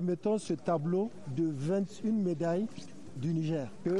mettons ce tableau de 21 médailles du Niger que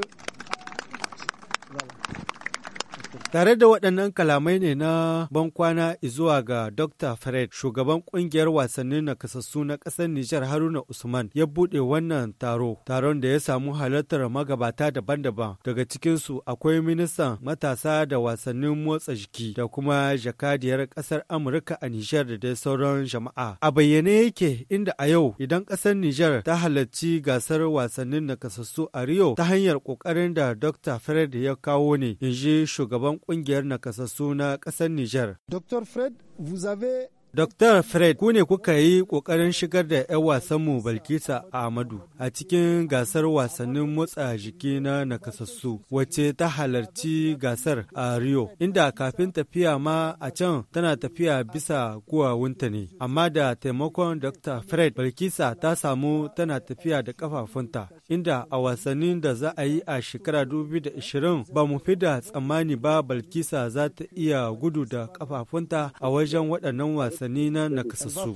Tare da waɗannan kalamai ne na bankwana izuwa ga Dr. Fred, shugaban ƙungiyar wasannin nakasassu na ƙasar Nijar Haruna Usman ya buɗe wannan taro, taron da ya samu halartar magabata daban-daban. Daga cikinsu akwai ministan matasa da wasannin motsa jiki da kuma jakadiyar ƙasar Amurka a Nijar da dai sauran jama'a. A bayyane yake inda a yau idan ƙasar Nijar ta halarci gasar wasannin nakasassu a Rio ta hanyar ƙoƙarin da Dr. Fred ya kawo ne, in ji shugaban shugaban kungiyar nakasassu na ƙasar Nijar. Dr. Fred, vous avez Dr. Fred, ku ne kuka yi ƙoƙarin shigar da 'yan wasanmu Balkisa Ahmadu a cikin gasar wasannin motsa jiki na nakasassu, wacce ta halarci gasar a Rio, inda kafin tafiya ma a can tana tafiya bisa guwawunta ne. Amma da taimakon Dr. Fred, Balkisa ta samu tana tafiya da kafafunta, inda a wasannin da za a yi a shekara 2020 ba mu fi da tsammani ba Balkisa za ta iya gudu da kafafunta a wajen waɗannan sanina na nakasassu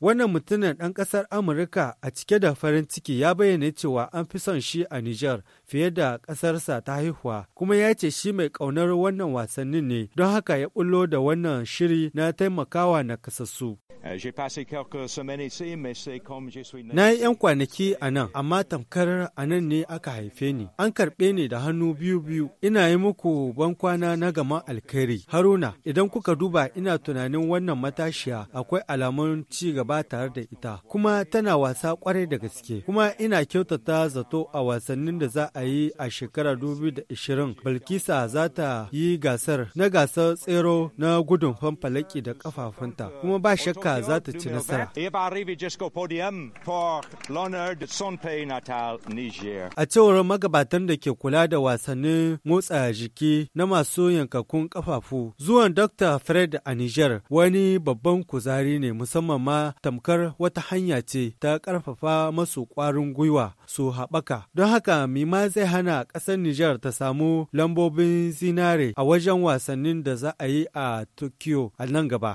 Wannan mutumin ɗan ƙasar Amurka a cike da farin ciki ya bayyana cewa an fi son shi a Nijar fiye da ƙasarsa ta haihuwa, kuma ya ce shi mai ƙaunar wannan wasannin ne, don haka ya bullo da wannan shiri na taimakawa na kasassu. Euh, na yi 'yan kwanaki a nan, amma tamkar a nan ne aka haife ni. An karɓe ni da hannu biyu-biyu. Ina yi muku bankwana na gama alkhairi. Haruna, idan kuka duba ina tunanin wannan matashiya akwai alamun ci gaba gaba tare da ita kuma tana wasa kwarai da gaske kuma ina kyautata zato a wasannin da za a yi a shekarar 2020 Bilkisa za ta yi gasar na gasar tsero na gudun fanfalaki da kafafunta kuma ba shakka za ta ci nasara. A cewar magabatan da ke kula da wasannin motsa jiki na masu yankakun kafafu zuwan Dr. Fred a Niger wani babban kuzari ne musamman ma tamkar wata hanya ce ta ƙarfafa masu ƙwarin gwiwa su haɓaka. Don haka mima zai hana ƙasar Nijar ta samu lambobin zinare a wajen wasannin da za a yi a Tokyo a nan gaba.